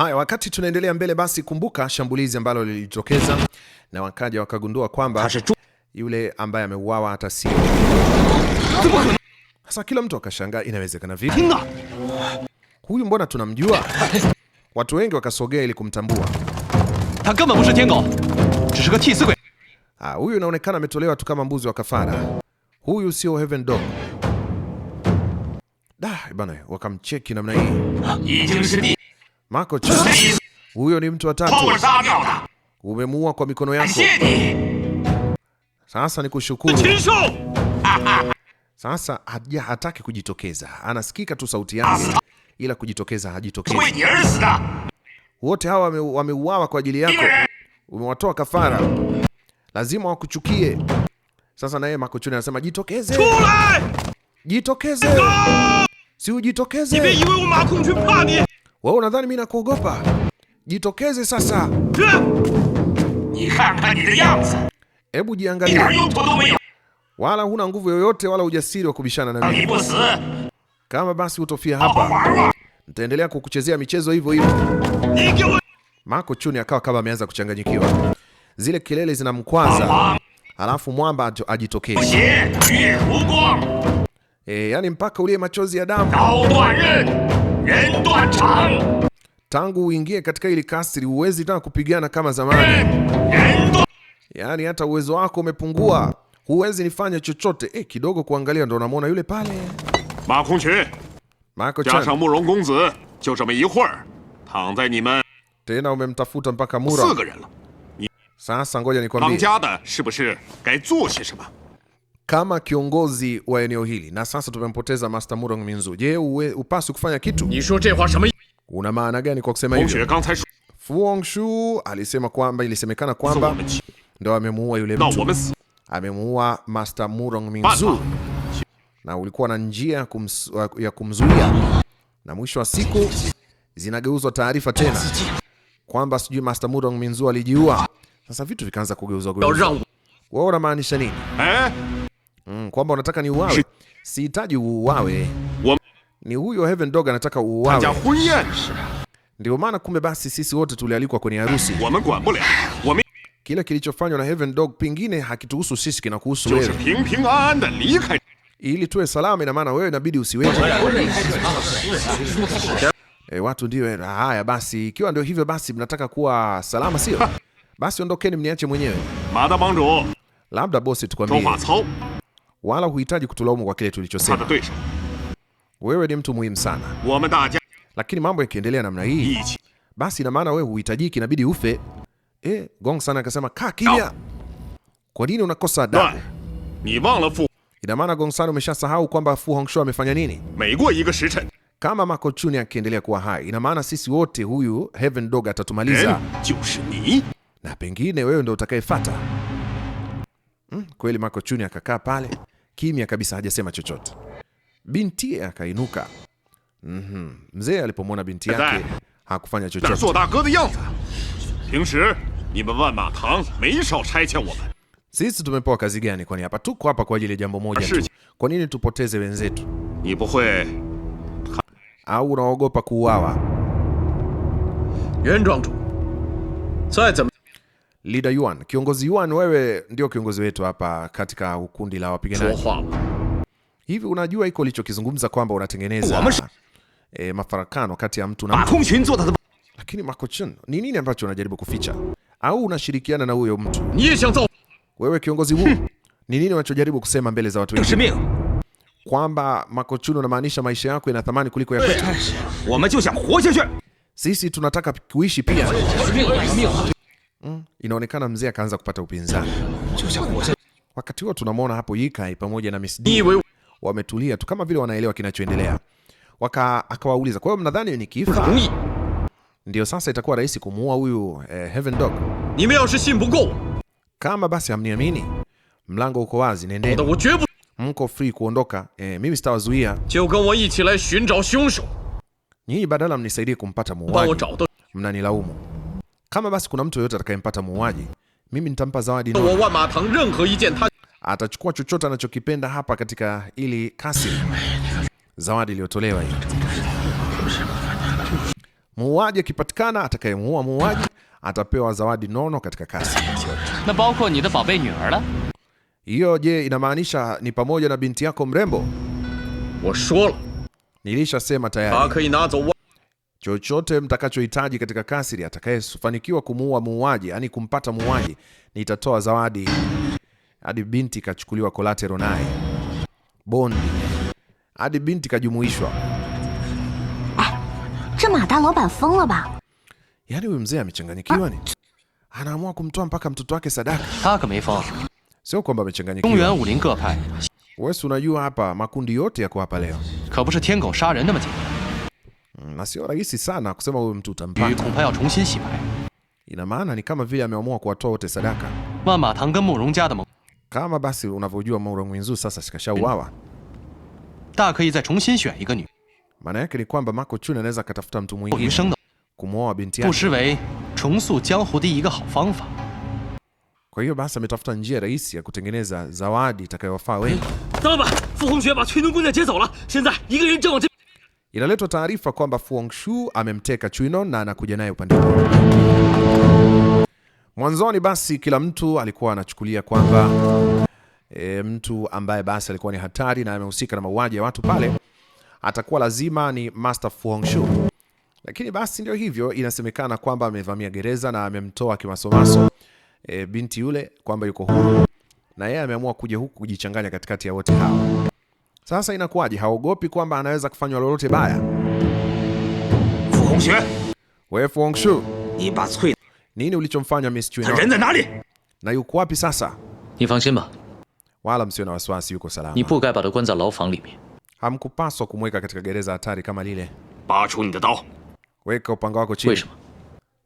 Haya, wakati tunaendelea mbele, basi kumbuka shambulizi ambalo lilijitokeza na wakaja wakagundua kwamba yule ambaye ameuawa hata si sasa. Kila mtu akashangaa, inawezekana vipi? Huyu mbona tunamjua? Watu wengi wakasogea ili kumtambua. Ah, huyu inaonekana ametolewa tu kama mbuzi wa kafara. Huyu sio Heaven Dog. Da, bana, wakamcheki namna hii. Mako, huyo ni mtu wa tatu umemuua kwa mikono yako. Sasa ni kushukuru Sasa haja hataki kujitokeza, anasikika tu sauti yake, ila kujitokeza hajitokezi. Wote hawa wameuawa wame kwa ajili yako, umewatoa kafara, lazima wakuchukie. Sasa naye Makochuni anasema jitokeze, jitokeze, si ujitokeze wewe unadhani mimi nakuogopa? Jitokeze sasa. Hebu jiangalie. Wala huna nguvu yoyote wala ujasiri wa kubishana na mimi. Kama basi utofia hapa, nitaendelea kukuchezea michezo hivyo hivyo. Mako Chuni akawa kama ameanza kuchanganyikiwa. Zile kelele zinamkwaza. Alafu mwamba ajitokeze. Eh, yani mpaka ulie machozi ya damu. Eh. Tangu uingie katika hili kasri huwezi tena kupigana kama zamani, yaani hata uwezo wako umepungua, huwezi nifanya chochote. Eh, kidogo kuangalia ndo unamwona yule pale Ma Kongqun Ma Kongqun Murong Gongzi, jiu zheme yi hui, tang zai ni men, tena umemtafuta mpaka Mura. Sasa ngoja nikwambie, Tang de shi gai zuo xie shenme? kama kiongozi wa eneo hili, na sasa tumempoteza Master Murong Minzu. Je, uwe upasi kufanya kitu? Una maana gani kwa kusema hivyo? Fu Hongxue alisema kwamba ilisemekana kwamba ndo amemuua yule mtu, amemuua Master Murong Minzu, na ulikuwa na njia kums, ya kumzuia, na mwisho wa siku zinageuzwa taarifa tena kwamba sijui Master Murong Minzu alijiua. Sasa vitu vikaanza kugeuzwa. Wewe unamaanisha nini? eh? Mm, kwamba unataka ni uwawe. Sihitaji uwawe, Ni huyo Heaven Dog anataka uwawe. Ndio maana kumbe basi sisi wote tulialikwa kwenye harusi. Kile kilichofanywa na Heaven Dog pingine hakituhusu sisi, kinakuhusu wewe. Ili tuwe salama, ina maana wewe inabidi usiweje. E, watu ndio eh, haya basi. Ikiwa ndio hivyo basi mnataka kuwa salama, sio? Basi ondokeni mniache mwenyewe. Labda bosi tukwambie wala huhitaji kutulaumu kwa kile tulichosema. Wewe ni mtu muhimu sana. Lakini mambo yakiendelea namna hii, basi ina maana wewe huhitajiki, inabidi ufe. E, Gong San akasema kaa kimya. Kwa nini unakosa adabu? Ina maana Gong San umeshasahau kwamba Fu Hongxue amefanya nini? Kama Ma Kongqun akiendelea kuwa hai, ina maana sisi wote huyu Heaven Dog atatumaliza. Eh, Na pengine wewe ndo utakayefuata. Hmm, kweli Ma Kongqun akakaa pale kimya kabisa, hajasema chochote. Binti akainuka. mm -hmm. Mzee alipomwona binti yake hakufanya chochote. Sisi tumepewa kazi gani? Kwani hapa tuko hapa kwa ajili ya jambo moja tu. Kwa nini tupoteze wenzetu? Au unaogopa kuuawa? Leader Yuan, kiongozi Yuan, wewe ndio kiongozi wetu hapa katika kundi la wapiganaji. Hivi unajua iko lichokizungumza kwamba unatengeneza e, mafarakano kati ya mtu na mtu. Lakini Ma Kongqun, ni nini ambacho unajaribu kuficha au unashirikiana na huyo mtu? Wewe kiongozi huu, ni nini unachojaribu kusema mbele za watu wengine? Kwamba Ma Kongqun, unamaanisha maisha yako ina thamani kuliko ya kwetu. Sisi tunataka kuishi pia. Mm, inaonekana mzee akaanza kupata upinzani. Wakati huo tunamwona hapo Ye Kai pamoja na Miss D wametulia tu kama vile wanaelewa kinachoendelea. Waka akawauliza, kwa hiyo mnadhani ni kifa ndio sasa itakuwa rahisi kumuua huyu eh, Heaven Dog? Kama basi hamniamini, mlango uko wazi, nendeni. Mko free kuondoka, eh, mimi sitawazuia. Nyinyi badala mnisaidie kumpata muuaji, mnanilaumu. Kama basi kuna mtu yoyote atakayempata muuaji, mimi nitampa zawadi no. Atachukua chochote anachokipenda hapa katika ili kasi. Zawadi iliyotolewa hii. Muuaji akipatikana, atakayemuua muuaji atapewa zawadi nono katika kasi. Er hiyo je, inamaanisha ni pamoja na binti yako mrembo? Nilishasema tayari chochote mtakachohitaji katika kasri. Atakayefanikiwa kumuua muuaji, yani kumpata muuaji, nitatoa zawadi hadi binti kachukuliwa kolatero, naye bondi hadi binti kajumuishwa. Ah, yani huyu mzee amechanganyikiwa, ni anaamua kumtoa mpaka mtoto wake sadaka. Sio kwamba amechanganyikiwa. Wewe unajua hapa makundi yote yako hapa leo. Mm, na sio rahisi sana kusema huyu mtu utampata. Ina maana ni kama vile ameamua kuwatoa wote sadaka. Kama basi unavyojua Murongwinzu sasa sikashauawa. Maana yake ni kwamba Ma Kongqun anaweza akatafuta mtu mwingine kumwoa binti yake. Kwa hiyo basi ametafuta njia rahisi ya kutengeneza zawadi itakayowafaa wengi inaletwa taarifa kwamba Fu Hongxue amemteka Chuino na anakuja naye upande wao. Mwanzoni basi kila mtu alikuwa anachukulia kwamba e, mtu ambaye basi alikuwa ni hatari na amehusika na mauaji ya watu pale atakuwa lazima ni Master Fu Hongxue, lakini basi ndio hivyo, inasemekana kwamba amevamia gereza na amemtoa kimasomaso e, binti yule kwamba yuko huru na yeye ameamua kuja huku kujichanganya katikati ya wote hawa. Sasa inakuwaje? Haogopi kwamba anaweza kufanywa lolote baya. Wewe Fu Hongxue, nini ulichomfanya Miss Chui? Na yuko wapi sasa? Wala msio na wasiwasi, yuko salama. Hamkupaswa kumweka katika gereza hatari kama lile. Weka upanga wako chini.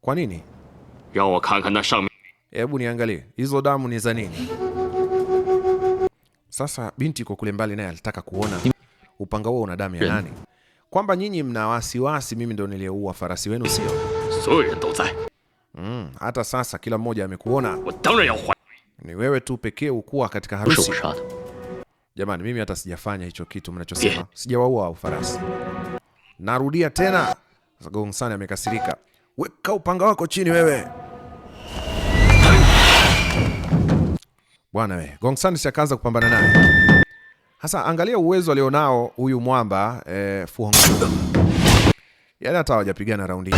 Kwa nini? Hebu niangalie hizo damu ni za nini? Sasa binti yuko kule mbali, naye alitaka kuona upanga huo una damu ya nani, kwamba nyinyi mna wasiwasi, mimi ndo niliyeua farasi wenu, sio? Mm, hata sasa kila mmoja amekuona, ni wewe tu pekee ukuwa katika harusi. Jamani, mimi hata sijafanya hicho kitu mnachosema, sijawaua au farasi. Narudia tena. Gongsan amekasirika, weka upanga wako chini wewe. Bwana we, si akaanza kupambana naye. Sasa angalia uwezo alionao huyu mwamba eh, Fu Hongxue. Yaani hata hawajapigana raundi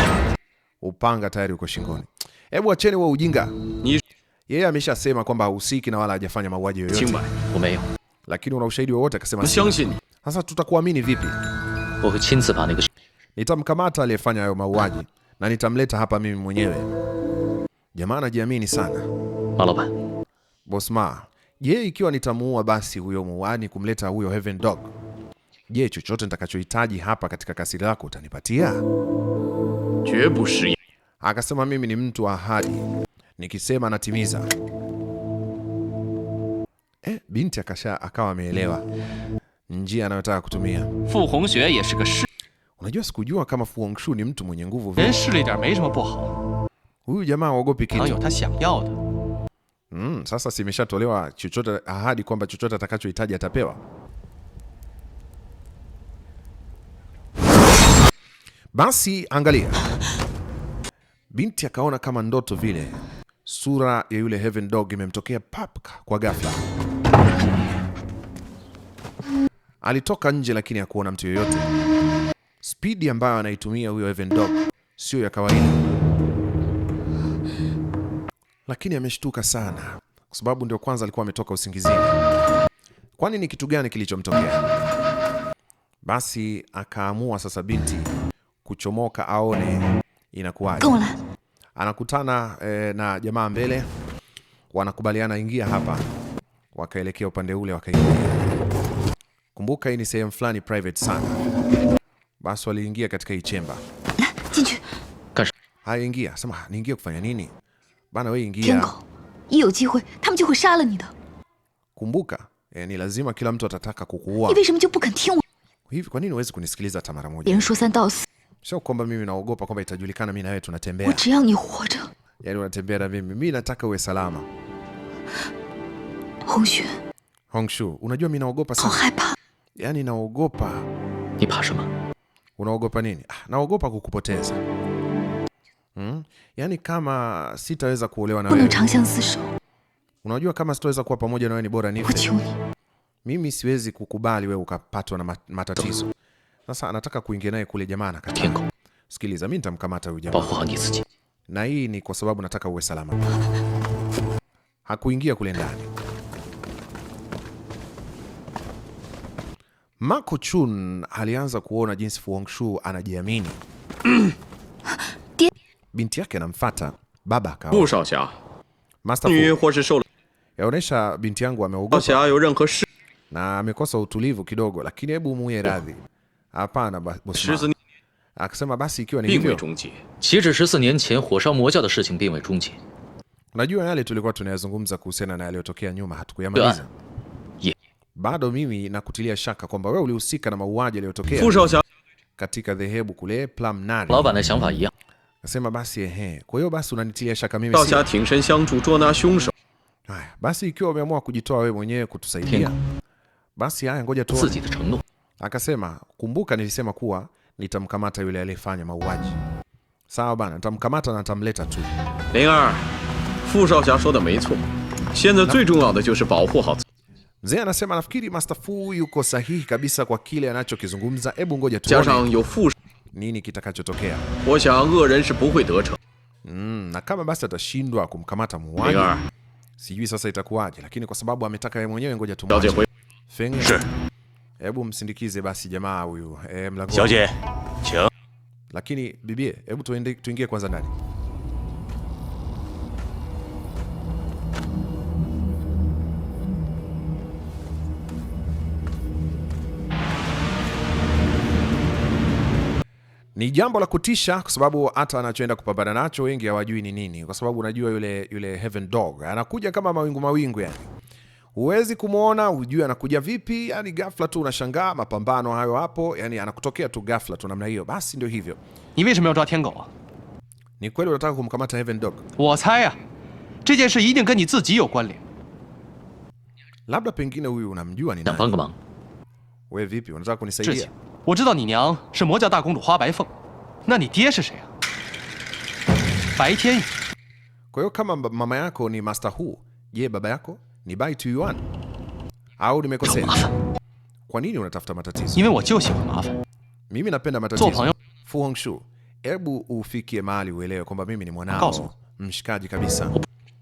Upanga tayari uko shingoni. Hebu acheni wewe ujinga. Yeye ameshasema kwamba hahusiki na wala hajafanya mauaji yoyote. Lakini una ushahidi wowote? Akasema sasa tutakuamini vipi? Oh, Nitamkamata aliyefanya hayo mauaji na nitamleta hapa mimi mwenyewe. Jamaa anajiamini sana. Bosma, je, ikiwa nitamuua basi huyo muuani kumleta huyo Heaven Dog, je, chochote nitakachohitaji hapa katika kasiri lako utanipatia? Akasema, mimi ni mtu wa ahadi, nikisema natimiza. E, binti akasha akawa ameelewa njia anayotaka kutumia. Fu Hongxue ye shi ge Unajua, sikujua kama Fu Hongxue ni mtu mwenye nguvu. Huyu jamaa haogopi kitu. Mm, sasa simeshatolewa chochote ahadi kwamba chochote atakachohitaji atapewa. Basi angalia, binti akaona kama ndoto vile, sura ya yule Heaven Dog imemtokea papka kwa ghafla. Alitoka nje lakini hakuona mtu yoyote. Spidi ambayo anaitumia huyo Heaven Dog siyo ya kawaida lakini ameshtuka sana kwa sababu ndio kwanza alikuwa ametoka usingizini. Kwani ni kitu gani kilichomtokea? Basi akaamua sasa binti kuchomoka aone inakuwaje. Anakutana e, na jamaa mbele, wanakubaliana ingia hapa, wakaelekea upande ule, wakaingia. Kumbuka hii ni sehemu fulani private sana. Basi waliingia katika hii chemba. Ah, Haingia sema niingie kufanya nini? Bana wewe ingia. Iyo jihui, tamu jihui shala ni da. Kumbuka, eh, ni lazima kila mtu atataka kukuua. Hivi kanti Hivi kwa nini huwezi kunisikiliza hata mara moja? Sio kwamba mimi naogopa kwamba itajulikana mimi na wewe tunatembea. Yani unatembea na mimi. Mimi nataka uwe salama. Hongshu. Hongshu, unajua mimi naogopa sana. Yani naogopa. Ni Unaogopa nini? Ah, naogopa kukupoteza. Hmm? Yaani kama sitaweza kuolewa na wewe. Unajua kama sitaweza kuwa pamoja na wewe ni bora nife. Mimi siwezi kukubali wewe ukapatwa na matatizo. Sasa anataka kuingia naye kule jamaa na anakataa. Sikiliza, mimi nitamkamata huyu jamaa. Na hii ni kwa sababu nataka uwe salama. Hakuingia kule ndani. Ma Kongqun alianza kuona jinsi Fu Hongxue anajiamini binti yake anamfuata baba akawa. binti yangu ameogopa na amekosa utulivu kidogo, lakini hebu muye radhi. Hapana bosi. Akasema basi ikiwa ni hivyo. Unajua yale tulikuwa tunayazungumza kuhusiana na yaliyotokea nyuma hatukuyamaliza. Ah, Bado mimi nakutilia shaka kwamba wewe ulihusika na mauaji yaliyotokea katika dhehebu kule Plum nane. Nasema basi ehe, kwa hiyo basi unanitia shaka mimi Sasa xiang zu zuo na xiong shou. haya. Basi ikiwa umeamua kujitoa wewe mwenyewe kutusaidia, basi haya, ngoja tu. Akasema kumbuka, nilisema kuwa nitamkamata yule aliyefanya mauaji. Sawa bana, nitamkamata na nitamleta tu. fu shao shou de de mei cuo. Xianze zui zhongyao jiu shi hao. Mzee anasema nafikiri Master Fu yuko sahihi kabisa kwa kile anachokizungumza. Hebu ngoja tu nini kitakachotokea. Mm, na kama basi atashindwa kumkamata muuaji, sijui sasa itakuwaje, lakini kwa sababu ametaka yeye mwenyewe, ngoja tu. Hebu msindikize basi jamaa huyu e, mlango. Lakini bibie, hebu tuingie kwanza ndani. Ni jambo la kutisha kwa sababu hata anachoenda kupambana nacho wengi hawajui ni nini, kwa sababu unajua yule yule Heaven Dog anakuja kama mawingu mawingu, yani huwezi kumwona, hujui anakuja vipi, yani ghafla tu unashangaa. Mapambano hayo hapo, yani anakutokea tu ghafla tu namna hiyo. Basi ndio hivyo. Ni kweli unataka kumkamata Heaven Dog? Labda pengine huyu unamjua ni nani? Wewe vipi, unataka kunisaidia? 我知道你娘是魔教大公主花白凤，那你爹是谁啊？白天宇。Kwa hiyo kama mama yako ni Master Hu, je, baba yako ni Bai Tuan? Au nimekosea? Kwa nini unatafuta matatizo? Mimi napenda matatizo. Fu Hongxue, hebu ufikie mahali uelewe kwamba mimi ni mwanao mshikaji kabisa.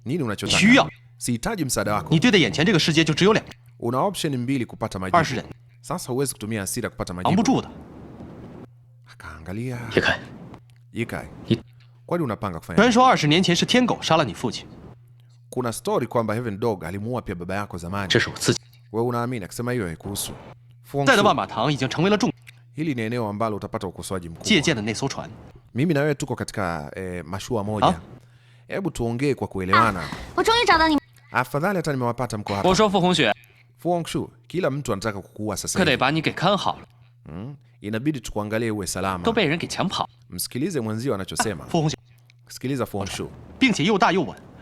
Nini unachotaka? Sihitaji msaada wako. Una option mbili kupata majibu. Sasa huwezi kutumia hasira kupata majibu. Akaangalia. Yikai. Kwani unapanga kufanya? Kuna story kwamba Heaven Dog alimuua pia baba yako zamani. Wewe unaamini akisema hiyo haikuhusu. Hili ni eneo ambalo utapata ukosoaji mkubwa. Mimi na wewe tuko katika eh, mashua moja. Ah. Hebu tuongee kwa kuelewana. Afadhali hata nimewapata mko hapa. Fu kila mtu anataka kukuua sasa hivi. Mm, inabidi tukuangalie uwe salama. Msikilize mwenzio anachosema. Ah, Sikiliza Fu Hongxue.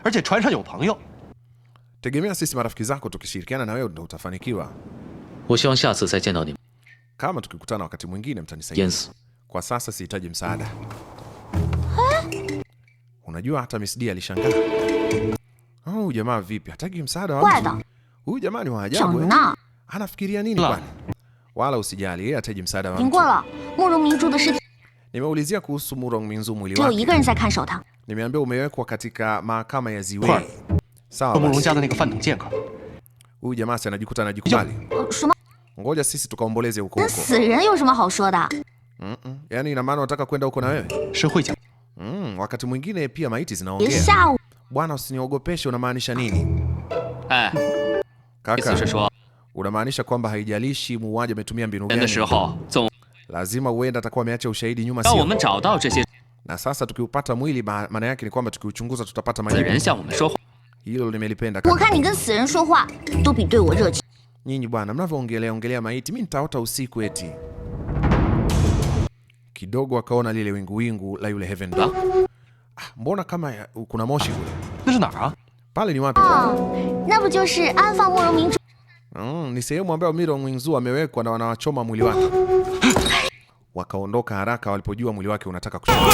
Er Tegemea sisi marafiki zako tukishirikiana na wewe ndio utafanikiwa. Kama tukikutana wakati mwingine mtanisaidia. Yes. Kwa sasa sihitaji msaada. Unajua hata Miss D alishangaa. Oh, jamaa vipi? Hataki msaada wa mtu. Huyu jamani wa ajabu. eh? Anafikiria nini kwani? Wala usijali, yeye ataji msaada wangu. Nimeulizia kuhusu Murong Minzu mwili wake. Nimeambia umewekwa katika mahakama ya Ziwei. Sawa. Huyu jamaa sasa anajikuta anajikubali. Oh, Ngoja sisi tukaomboleze huko huko. Mm -mm. Yaani ina maana unataka kwenda huko na wewe? Mm, wakati mwingine pia maiti zinaongea. Bwana, usiniogopeshe unamaanisha nini? Ah. Kaka, unamaanisha kwamba haijalishi muuaji ametumia mbinu gani, lazima uenda atakuwa ameacha ushahidi nyuma, sio? Na sasa tukiupata mwili, maana yake ni kwamba tukiuchunguza tutapata majibu. Hilo nimelipenda kaka. Nyinyi bwana, mnavyoongelea ongelea maiti, mimi nitaota usiku eti. Kidogo akaona lile wingu wingu la yule Heaven Dog. Ah, mbona kama kuna moshi kule? Pale ni wapi? Oh, ni sehemu ambayo Miro Mwinzu amewekwa na wanawachoma mwili wake. Wakaondoka haraka walipojua mwili wake unataka kuchoma.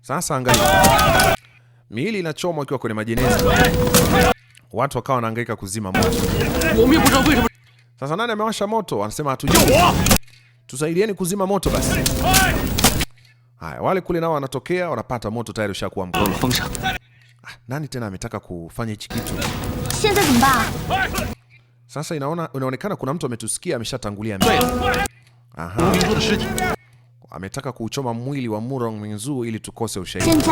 Sasa angalia. Miili inachomwa ikiwa kwenye majeneza. Watu wakawa wanahangaika kuzima moto. Sasa nani amewasha moto? Anasema hatujui. Tusaidieni kuzima moto basi. Haya, wale kule nao wanatokea, wanapata moto tayari ushakuwa mkono. Ah, nani tena ametaka kufanya hichi kitu? Sasa inaona, inaonekana kuna mtu ametusikia ameshatangulia mbele. Aha. Ametaka kuuchoma mwili wa Murong Minzu ili tukose ushahidi.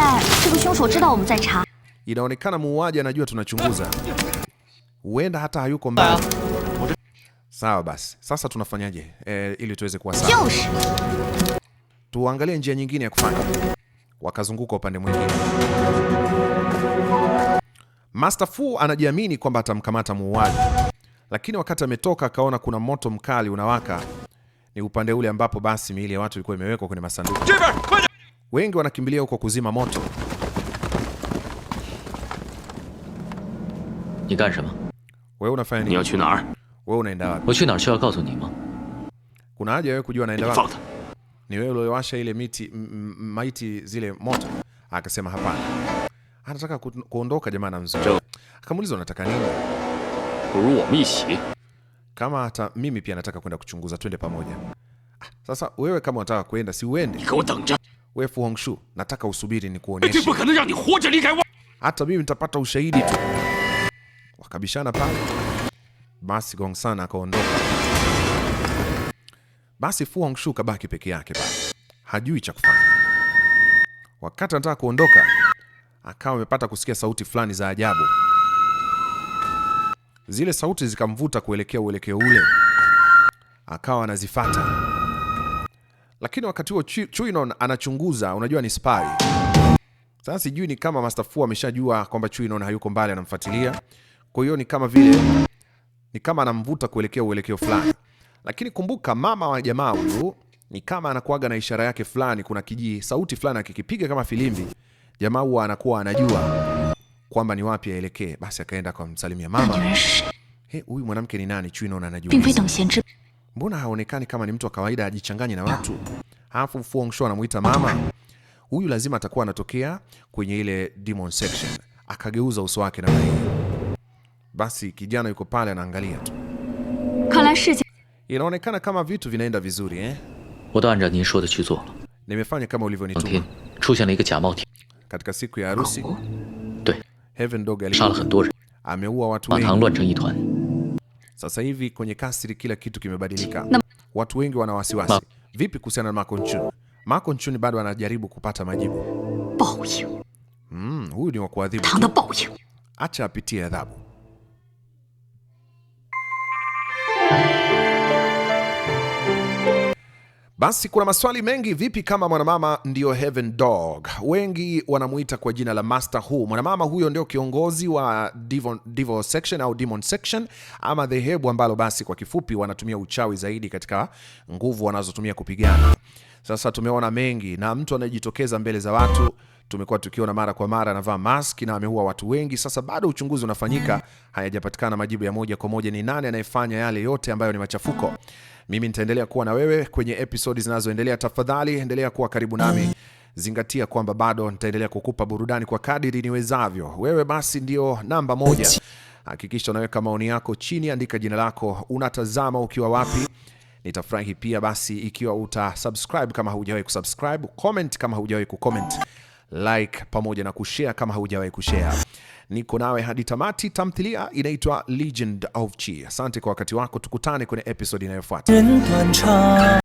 Inaonekana muuaji anajua tunachunguza. Huenda hata hayuko mbali. Ah. Sawa basi. Sasa tunafanyaje? Eh, ili tuweze kuwa sawa tuangalie njia nyingine ya kufanya. Wakazunguka upande mwingine. Master Fu anajiamini kwamba atamkamata muuaji, lakini wakati ametoka akaona kuna moto mkali unawaka. Ni upande ule ambapo basi miili ya watu ilikuwa imewekwa kwenye masanduku. Wengi wanakimbilia huko kuzima moto. Wewe unafanya nini? Wewe unaenda wapi? Kuna haja wewe kujua naenda wapi? ni wewe uliowasha ile miti maiti zile moto? Akasema hapana. Anataka kuondoka jamaa na mzee. Akamuuliza unataka nini? Kama hata mimi pia nataka kwenda kuchunguza, twende pamoja. Ah, sasa wewe kama unataka kwenda, si uende wewe. Fu Hongxue, nataka usubiri nikuonyeshe. Hata mimi nitapata ushahidi tu. Wakabishana pale, basi Gongsan akaondoka. Basi Fu Hongxue kabaki peke yake pale, hajui cha kufanya. Wakati anataka kuondoka, akawa amepata kusikia sauti fulani za ajabu. Zile sauti zikamvuta kuelekea uelekeo ule, akawa anazifata, lakini wakati huo Chuinon anachunguza, unajua ni spy. Sasa sijui ni kama Master Fu ameshajua kwamba Chuinon hayuko mbali, anamfuatilia. Kwa hiyo ni kama vile ni kama anamvuta kuelekea uelekeo fulani. Lakini kumbuka mama wa jamaa huyu ni kama anakuaga na ishara yake fulani, kuna kiji sauti fulani akikipiga kama filimbi, jamaa huwa anakuwa anajua kwamba ni wapi aelekee. Basi akaenda kwa msalimia mama. He, huyu mwanamke ni nani? Chui naona anajua. Mbona haonekani kama ni mtu wa kawaida ajichanganye na watu? Alafu Fu Hongxue anamuita mama. Huyu lazima atakuwa anatokea kwenye ile demon section. Akageuza uso wake na basi kijana yuko pale anaangalia tu. Kala shi Inaonekana kama vitu vinaenda vizuri eh? Nimefanya kama ulivyonituma. Katika siku ya harusi Heaven Dog ameua watu wengi. Sasa hivi kwenye kasri kila kitu kimebadilika. Watu wengi wana wasiwasi. Vipi kuhusiana na Ma Kongqun? Ma Kongqun bado anajaribu kupata majibu. Mm, huyu ni wa kuadhibu. Acha apitie adhabu. Basi kuna maswali mengi. Vipi kama mwanamama ndiyo Heaven Dog, wengi wanamuita kwa jina la Master hu Mwanamama huyo ndio kiongozi wa Devon, Devon section au Demon section ama dhehebu ambalo basi kwa kifupi wanatumia uchawi zaidi katika nguvu wanazotumia kupigana. Sasa tumeona mengi na mtu anayejitokeza mbele za watu tumekuwa tukiona mara kwa mara anavaa mask na ameua watu wengi. Sasa bado uchunguzi unafanyika, hayajapatikana majibu ya moja kwa moja ni nani anayefanya yale yote ambayo ni machafuko. Mimi nitaendelea kuwa na wewe kwenye episodi zinazoendelea. Tafadhali endelea kuwa karibu nami, zingatia kwamba bado nitaendelea kukupa burudani kwa kadiri niwezavyo. Wewe basi ndio namba moja. Hakikisha unaweka maoni yako chini, andika jina lako, unatazama ukiwa wapi. Nitafurahi pia basi ikiwa utasubscribe kama hujawahi kusubscribe, comment kama hujawahi kucomment like pamoja na kushare kama haujawahi kushare. Niko nawe hadi tamati. Tamthilia inaitwa Legend of Chi. Asante kwa wakati wako, tukutane kwenye episode inayofuata.